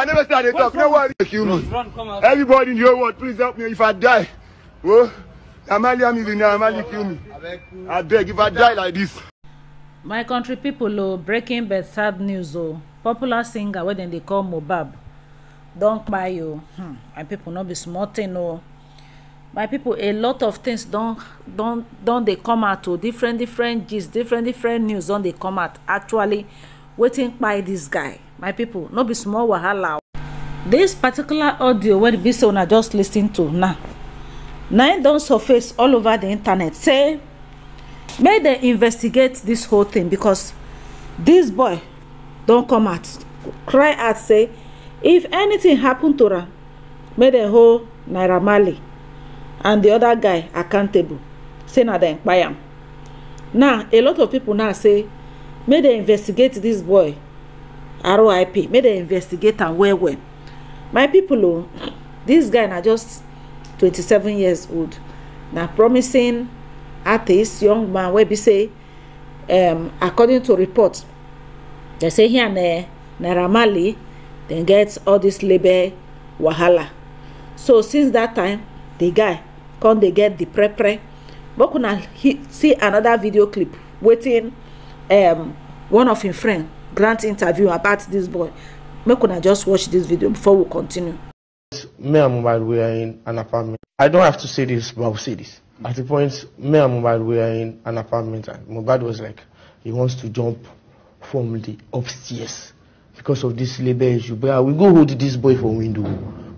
I never started I did talk. No worry. Kill me. Everybody in the world, please help me if I die. Whoa. Oh, Amali Amivina, Amali kill me. I beg if I die like this. My country people, oh, breaking bad sad news, oh. Popular singer wey dem dey call Mobab Don't buy you. Oh. Hmm. My people not be smarting. Oh, My people a lot of things don't don't don't they come out o. Oh. Different different Just different different news Don't they come out. Actually, waiting by this guy? my people no be small wahala this particular audio wey be say una just lis ten to now na im don surface all over the internet say make dem investigate this whole thing because this boy don come out cry out say if anything happen to am make dem hold naira marley and the other guy accountable say na dem kpai am now a lot of people now say make dem investigate this boy R.I.P. make dem investigate am well well my people o oh, this guy na just twenty-seven years old na promising artist young man wey be say um, according to report dem say him and uh, naira marley dem get all this label wahala so since that time the guy come dey get the pre-pre? prepre make una see another video clip wetin um, one of im friend grant interview about this boy make una just watch this video before we continue. me and Mohbad we are in an apartment i don't have to say this but i will say this at the point me and Mohbad we are in an apartment and Mohbad was like he wants to jump from the upstairs because of this labour issue bra we go hold this boy for window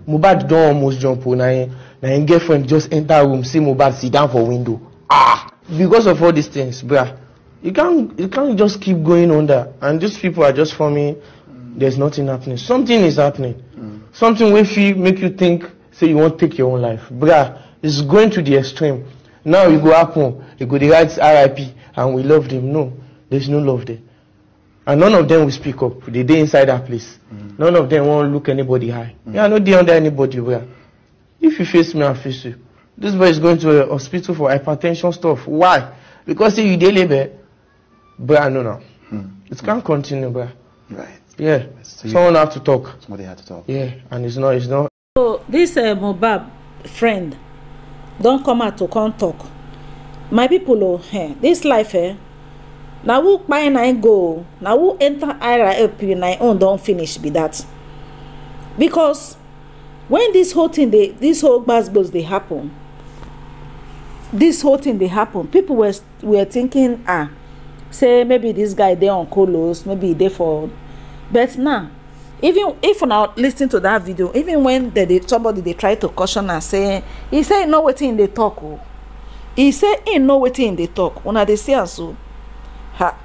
Mubad don't almost jump o oh, na him na girlfriend just enter room see Mubad sit down for window ah because of all these things bra you can't you can't just keep going on that and these people are just for me. Mm. there's nothing happening something is happening mm. something will feel make you think say you won't take your own life brah it's going to the extreme now e go happen e go dey write rip and we love them no there's no love there and none of them will speak up they dey inside that place mm. none of them won't look anybody high mm. me yeah, i no dey under anybody brah if you face me i face you this boy is going to a hospital for hypertension stuff why because say you dey labour But I know now, hmm. It can't continue, but Right. Yeah. So Someone have to talk. Somebody had to talk. Yeah, and it's not, it's not. So this uh, Mobab friend don't come out to come talk. My people, oh, hey. Eh, this life, eh, Now who buy and I go Now who enter irp na I own Don't finish be that because when this whole thing dey this whole gbasgbos they happen this whole thing they happen people were were thinking ah say maybe this guy dey on colos maybe e dey for but now even if una lis ten to that video even when wen somebody dey try to caution am say he say e know wetin im dey talk o oh. he say im know wetin im dey talk una dey see am so ha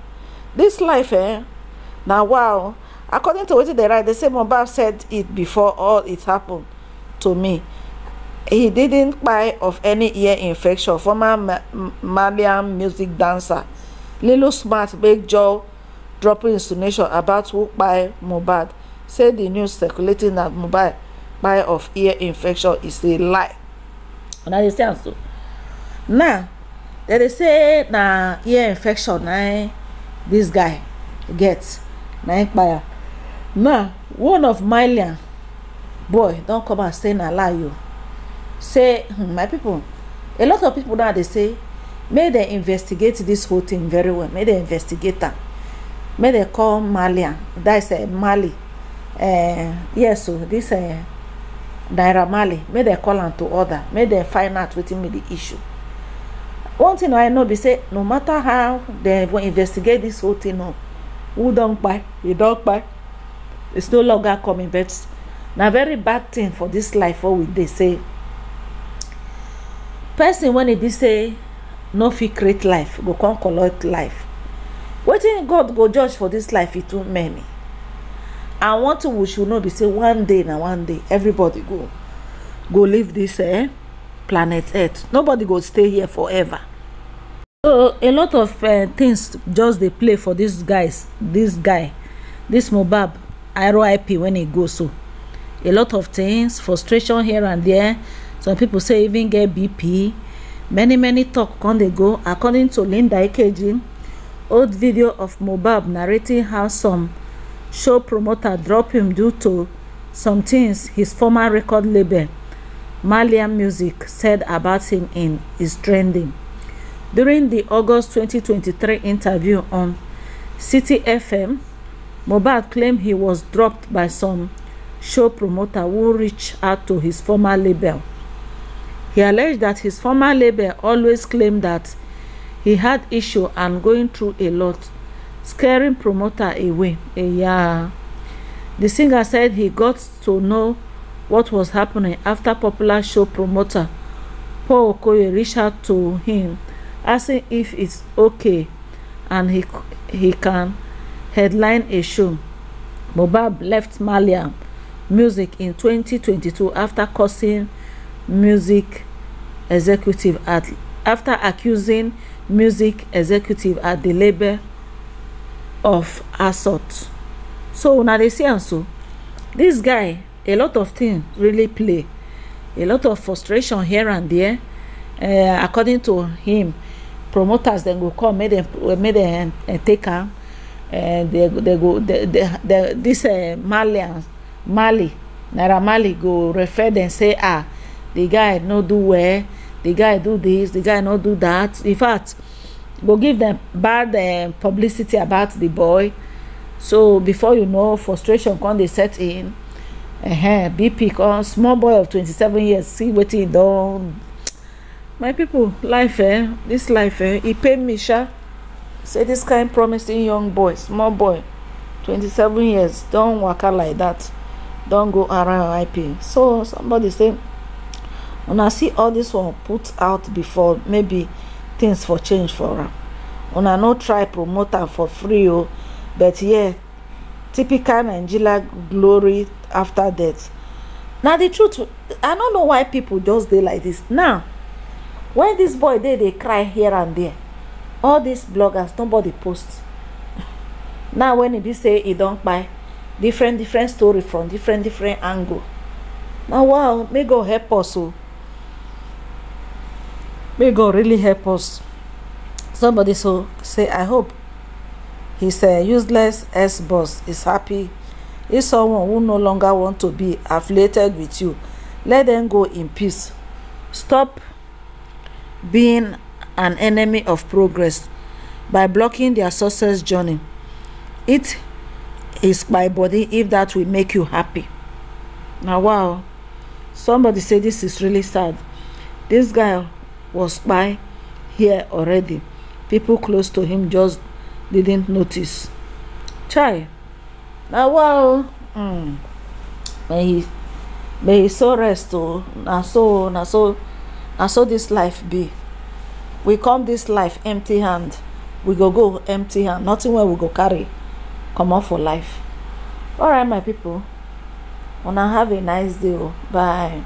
This life eh na wow according to wetin dey write dey say mohbad said it before all it happened to me he didn't kpai of any ear infection former malian music dancer lilo smart make jaw dropping insinuation about who kpai mohbad say di news circulating na mohbad kpai of ear infection is a lie una dey see am so now dem dey say na ear infection na eh, This guy get na him eh, kpai am now one of malian boy don come out say na lie o say hmm, my people, a lot of people now dey say make dem investigate this whole thing very well make dem investigate am make dem call malian that is uh, mali uh, yes o this uh, naira mali make dem call am to order make dem find out wetin be the issue one thing i know be say no matter how dem wan investigate this whole thing up who don kpai e don kpai it's no longer coming but na very bad thing for this life wey we dey say person when e be say no fit create life go come collect life wetin god go judge for dis life e too many and one thing we should know be say one day na one day everybody go go leave this eh planet earth nobody go stay here forever so a lot of eh, things just dey play for dis guys This guy this mobab RIP when he go so a lot of things frustration here and there some people say even get bp many many talk con dey go according to linda ikeji old video of mobab narrating how some show promoter drop him due to some things his former record label malian music said about him in is trending during the august 2023 interview on city fm Mobad claimed he was dropped by some show promoter who reached out to his former label. He alleged that his former label always claimed that he had issue and going through a lot, scaring promoter away. Eh, yeah. The singer said he got to know what was happening after popular show promoter Paul Okoye reached out to him asking if it's okay and he he can headline a show. Mohbad left Malian Music in 2022 after causing music executive at after accusing music executive at the labour of assault so una dey see am so this guy a lot of things really play a lot of frustration here and there uh, according to him promoters dem go come make dem make dem uh, take am uh, they, they go they, they, this uh, mali naira mali go refer dem say ah the guy no do well the guy do this the guy no do that in fact go give them bad um, publicity about the boy so before you know frustration come dey set in uh -huh, bp come small boy of twenty-seven years see wetin he don my people life eh this life eh e pain me sha say this kind promising young boy small boy twenty-seven years don waka like that don go around rip so somebody say When I see all this one put out before maybe things for change for When I no try promote am for free oh, but yeah typical nigeria glory after death Now the truth i don't know why people just dey like this now when this boy dey they cry here and there all these bloggers nobody posts. now when he be say he don't buy, different different story from different different angle na wow may god help us oh. May God really help us. Somebody so say, I hope. he's a useless ex-boss is happy if someone who no longer want to be affiliated with you. Let them go in peace. Stop being an enemy of progress by blocking their success journey. It is my body if that will make you happy. Now, wow. Somebody say this is really sad. This guy was by here already. People close to him just didn't notice. Chai. Now, wow. Mm. May he may he so rest oh na so na so na so this life be we come this life empty hand we go go empty hand nothing wey we go carry comot for life alright my people una have a nice day o bye.